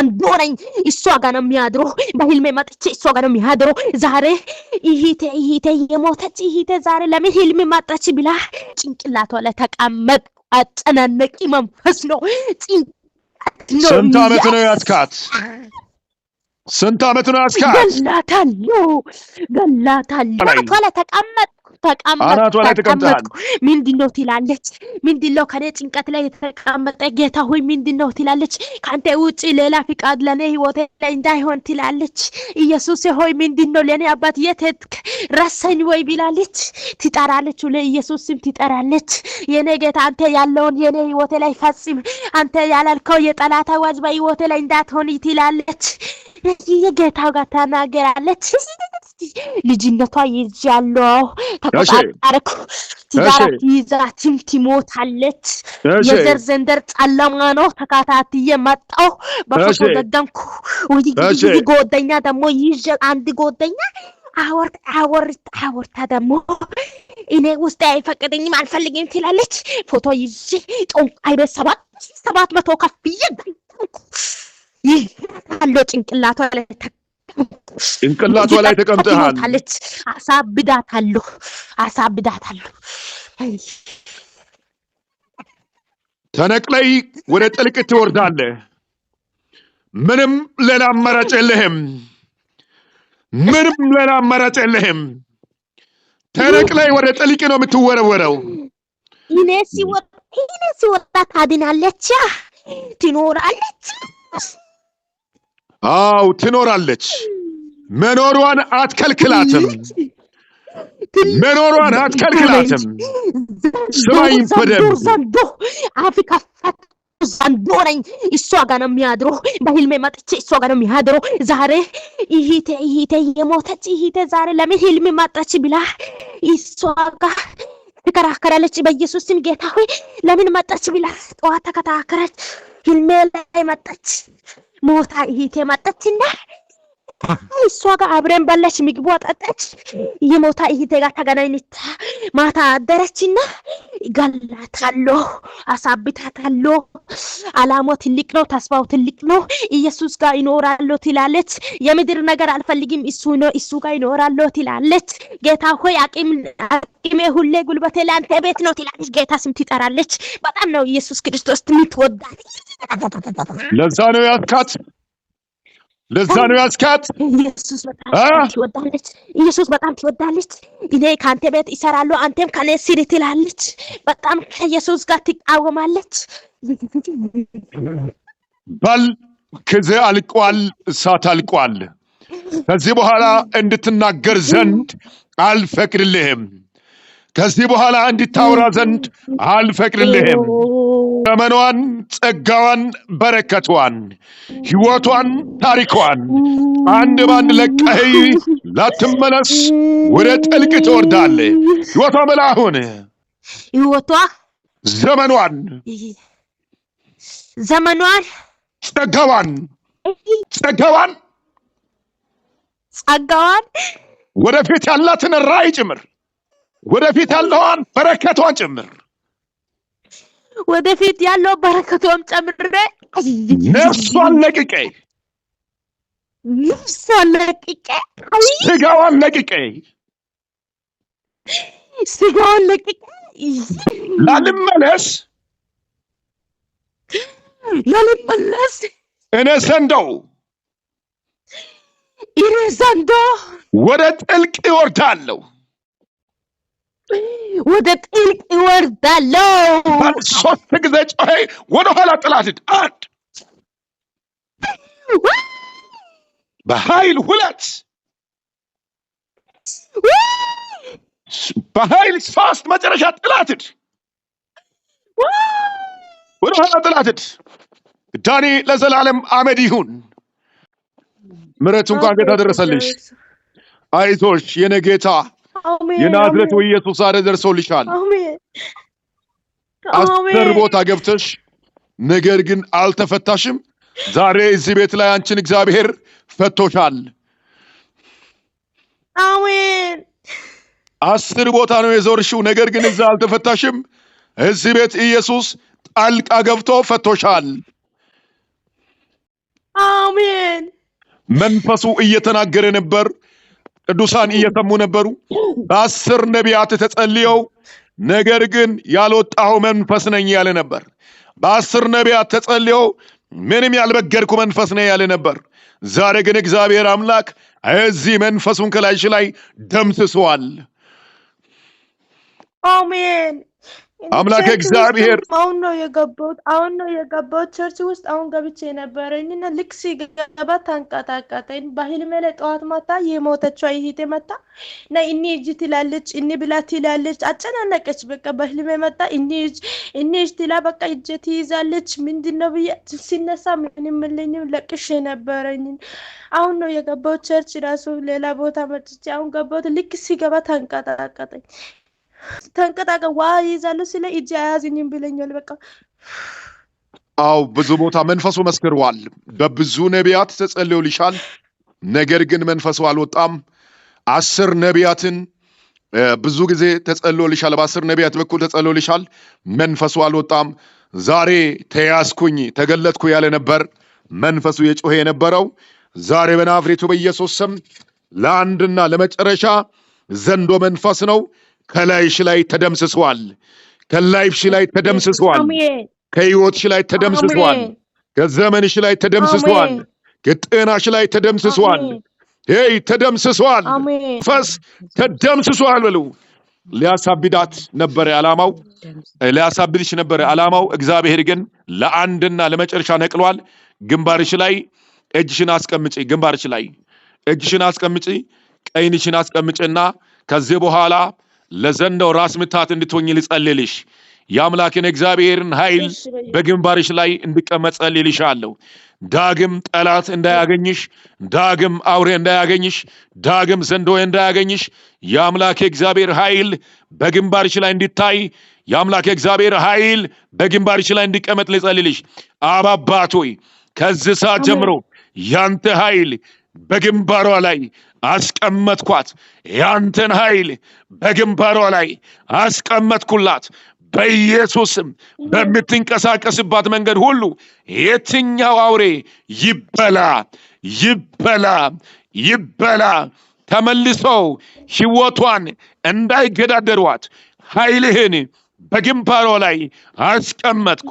አንዱ ነኝ። እሷ ጋር ነው የሚያድሮ። በህልሜ መጥቼ እሷ ጋር ነው የሚያድሮ። ዛሬ ይሄቴ ይሄቴ የሞተች ይሄቴ ዛሬ ለምን ህልሜ መጣች ብላ ጭንቅላቷ ላይ ተቀመጥ። አጨናነቂ መንፈስ ነው። ስንት ዓመት ነው ያስካት? ስንት አመት ነው ያስካት? ገላታለሁ ገላታለሁ። ቷ ላይ ተቀመጥ ተቀመጥኩ ተቀመጥኩ። ምንድን ነው ትላለች? ምንድን ነው ከኔ ጭንቀት ላይ የተቀመጠ ጌታ ሆይ ምንድን ነው ትላለች? ከአንተ ውጭ ሌላ ፍቃድ ለእኔ ህይወቴ ላይ እንዳይሆን ትላለች። ኢየሱስ ሆይ ምንድን ነው ለእኔ አባት የት ሄድክ ወይ ብላለች። ትጠራለች፣ ለኢየሱስ ስም ትጠራለች። የኔ ጌታ አንተ ያለውን የኔ ህይወቴ ላይ ፈጽም፣ አንተ ያላልከው የጠላት አዋጅ በህይወቴ ላይ እንዳትሆን ትላለች። ይህ ጋር ተናገራለች። ልጅነቷ ይዣለሁ፣ ተቆጣጠርኩ፣ ትዳር ትይዛትም ትሞታለች። የዘር ዘንደር ጨለማ ነው። ተካታትዬ መጣሁ፣ በፎቶ ደገምኩ። ወይ ጎደኛ ደግሞ ይዤ አንድ ጎደኛ አወርት አወርት አወርታ ደግሞ እኔ ውስጥ አይፈቅደኝም አልፈልግም ትላለች። ፎቶ ይዤ ጦንቃይ ቤት ሰባት ሰባት መቶ ከፍዬ ይህ አለው ጭንቅላቷ ላይ ጭንቅላቷ ላይ ተቀምጠሃል። አሳብዳታለሁ፣ አሳብዳታለሁ። ተነቅለይ ወደ ጥልቅ ትወርዳለህ። ምንም ሌላ አማራጭ የለህም። ምንም ሌላ አማራጭ የለህም። ተነቅለይ ወደ ጥልቅ ነው የምትወረወረው። ይኔ ሲወጣ ሲወጣ ታድናለች፣ ትኖራለች። አዎ ትኖራለች። መኖሯን አትከልክላትም። መኖሯን አትከልክላትም። ስማኝ በደንብ አፍሪካ ዛንዶ ነኝ። እሷ ጋር ነው የሚያድሮ። በህልሜ መጥቼ እሷ ጋር ነው የሚያድሮ። ዛሬ ይሄቴ ይሄቴ የሞተች ይሄቴ ዛሬ ለምን ህልሜ መጣች ብላ እሷ ጋር ትከራከራለች። በኢየሱስ ስም ጌታ ሆይ ለምን መጣች ብላ ጠዋት ተከራከረች። ህልሜ ላይ መጣች። ሞታ ይሂቴ መጣችና እሷ ጋር አብረን በላች፣ ምግቡ አጠጣች፣ የሞታ እህቴ ጋር ተገናኝታ ማታ አደረችና ገላታለሁ፣ አሳብታታለሁ። አላማው ትልቅ ነው፣ ተስፋው ትልቅ ነው። ኢየሱስ ጋር ይኖራለሁ ትላለች። የምድር ነገር አልፈልግም፣ እሱ ነው፣ እሱ ጋር ይኖራለሁ ትላለች። ጌታ ሆይ አቅም ሁሌ ጉልበቴ ለአንተ ቤት ነው ትላለች። ጌታ ስም ትጠራለች። በጣም ነው ኢየሱስ ክርስቶስ ትምትወዳል። ለዛ ነው ያካት ለዛ ነው ያስካት። ኢየሱስ በጣም ትወዳለች። እኔ ከአንተ ቤት ይሰራሉ፣ አንተም ከኔ ስር ትላለች። በጣም ከኢየሱስ ጋር ትቃወማለች። ባል ጊዜ አልቋል፣ እሳት አልቋል። ከዚህ በኋላ እንድትናገር ዘንድ አልፈቅድልህም። ከዚህ በኋላ እንዲታወራ ዘንድ አልፈቅድልህም። ዘመኗን፣ ጸጋዋን፣ በረከቷን፣ ሕይወቷን፣ ታሪኳን አንድ ባንድ ለቀህ ላትመለስ ወደ ጥልቅ ትወርዳለህ። ሕይወቷ መላሁን ሕይወቷ ዘመኗን ዘመኗን ጸጋዋን ጸጋዋን ጸጋዋን ወደፊት ያላትን ራዕይ ጭምር ወደፊት ያለዋን በረከቷን ጭምር ወደፊት ያለው በረከቷን ጨምሬ ነፍሷን ለቅቄ ነፍሷን ለቅቄ ስጋዋን ለቅቄ ስጋዋን ለቅቄ ላልመለስ ላልመለስ እኔ ዘንደው እኔ ዘንዶ ወደ ጥልቅ ይወርዳለሁ ወደ ጥልቅ ይወርዳለው። ባለ ሶስት ጊዜ ጮኸ፣ ወደ ኋላ ጥላትት አንድ በኃይል ሁለት በኃይል ሶስት መጨረሻ ጥላትድ ወደ ኋላ ጥላትድ። ዳኒ ለዘላለም አመድ ይሁን። ምሕረቱ እንኳን ጌታ ደረሰልሽ። አይዞሽ የኔ ጌታ የናዝሬቱ ኢየሱስ ዛሬ ደርሶልሻል። አስር ቦታ ገብተሽ ነገር ግን አልተፈታሽም። ዛሬ እዚህ ቤት ላይ አንቺን እግዚአብሔር ፈቶሻል። አሜን። አስር ቦታ ነው የዞርሽው፣ ነገር ግን እዛ አልተፈታሽም። እዚህ ቤት ኢየሱስ ጣልቃ ገብቶ ፈቶሻል። አሜን። መንፈሱ እየተናገረ ነበር። ቅዱሳን እየሰሙ ነበሩ። በአስር ነቢያት ተጸልየው ነገር ግን ያልወጣሁ መንፈስ ነኝ ያለ ነበር። በአስር ነቢያት ተጸልየው ምንም ያልበገድኩ መንፈስ ነኝ ያለ ነበር። ዛሬ ግን እግዚአብሔር አምላክ እዚህ መንፈሱን ከላይሽ ላይ ደምስሷል። አሜን። አምላክ እግዚአብሔር አሁን ነው የገባሁት። አሁን ነው የገባሁት ቸርች ውስጥ አሁን ገብቼ የነበረኝና ልክ ሲገባ ታንቀጣቀጠኝ። በህልሜ ላይ ጠዋት ማታ የሞተችው ይሄቴ መታ ና እኒ እጅ ትላለች፣ እኒ ብላ ትላለች፣ አጨናነቀች። በቃ በህልሜ መጣ እኒ እጅ እኒ እጅ ትላ በቃ እጄ ትይዛለች። ምንድን ነው ብዬ ሲነሳ ምንም የለኝም ለቅሼ የነበረኝ አሁን ነው የገባሁት ቸርች ራሱ ሌላ ቦታ መጥቼ አሁን ገባሁት። ልክ ሲገባ ታንቀጣቀጠኝ። ተንቀጣቀ ዋ ይዛለሁ ስለ እጅ አያዝኝም ብለኛል። በቃ አው ብዙ ቦታ መንፈሱ መስክሯል። በብዙ ነቢያት ተጸልዮልሻል፣ ነገር ግን መንፈሱ አልወጣም። አስር ነቢያትን ብዙ ጊዜ ተጸልዮልሻል፣ በአስር ነቢያት በኩል ተጸልዮልሻል፣ መንፈሱ አልወጣም። ዛሬ ተያዝኩኝ ተገለጥኩ ያለ ነበር መንፈሱ የጮኸ የነበረው። ዛሬ በናፍሬቱ በኢየሱስ ስም ለአንድና ለመጨረሻ ዘንዶ መንፈስ ነው ከላይሽ ላይ ተደምስሷል ከላይፍሽ ላይ ተደምስሷል ከህይወትሽ ላይ ተደምስሷል ከዘመንሽ ላይ ተደምስሷል ከጤናሽ ላይ ተደምስሷል ይ ተደምስሷል። ፈስ ተደምስሷል በሉ ሊያሳብዳት ነበረ ዓላማው፣ ሊያሳብድሽ ነበረ ዓላማው። እግዚአብሔር ግን ለአንድና ለመጨረሻ ነቅሏል። ግንባርሽ ላይ እጅሽን አስቀምጪ፣ ግንባርሽ ላይ እጅሽን አስቀምጪ፣ ቀይንሽን አስቀምጪና ከዚህ በኋላ ለዘንዳው ራስ ምታት እንድትሆኝ ልጸልልሽ የአምላክን እግዚአብሔርን ኃይል በግንባርሽ ላይ እንድቀመጥ ጸልልሻለሁ። ዳግም ጠላት እንዳያገኝሽ፣ ዳግም አውሬ እንዳያገኝሽ፣ ዳግም ዘንዶ እንዳያገኝሽ የአምላክ እግዚአብሔር ኃይል በግንባርሽ ላይ እንድታይ የአምላክ እግዚአብሔር ኃይል በግንባርሽ ላይ እንድቀመጥ ልጸልልሽ። አባ አባት ሆይ ከዚህ ሰዓት ጀምሮ ያንተ ኃይል በግንባሯ ላይ አስቀመጥኳት። ያንተን ኃይል በግንባሯ ላይ አስቀመጥኩላት። በኢየሱስም በምትንቀሳቀስባት መንገድ ሁሉ የትኛው አውሬ ይበላ ይበላ ይበላ፣ ተመልሶ ሕይወቷን እንዳይገዳደሯት ኃይልህን በግንባሯ ላይ አስቀመጥኩ።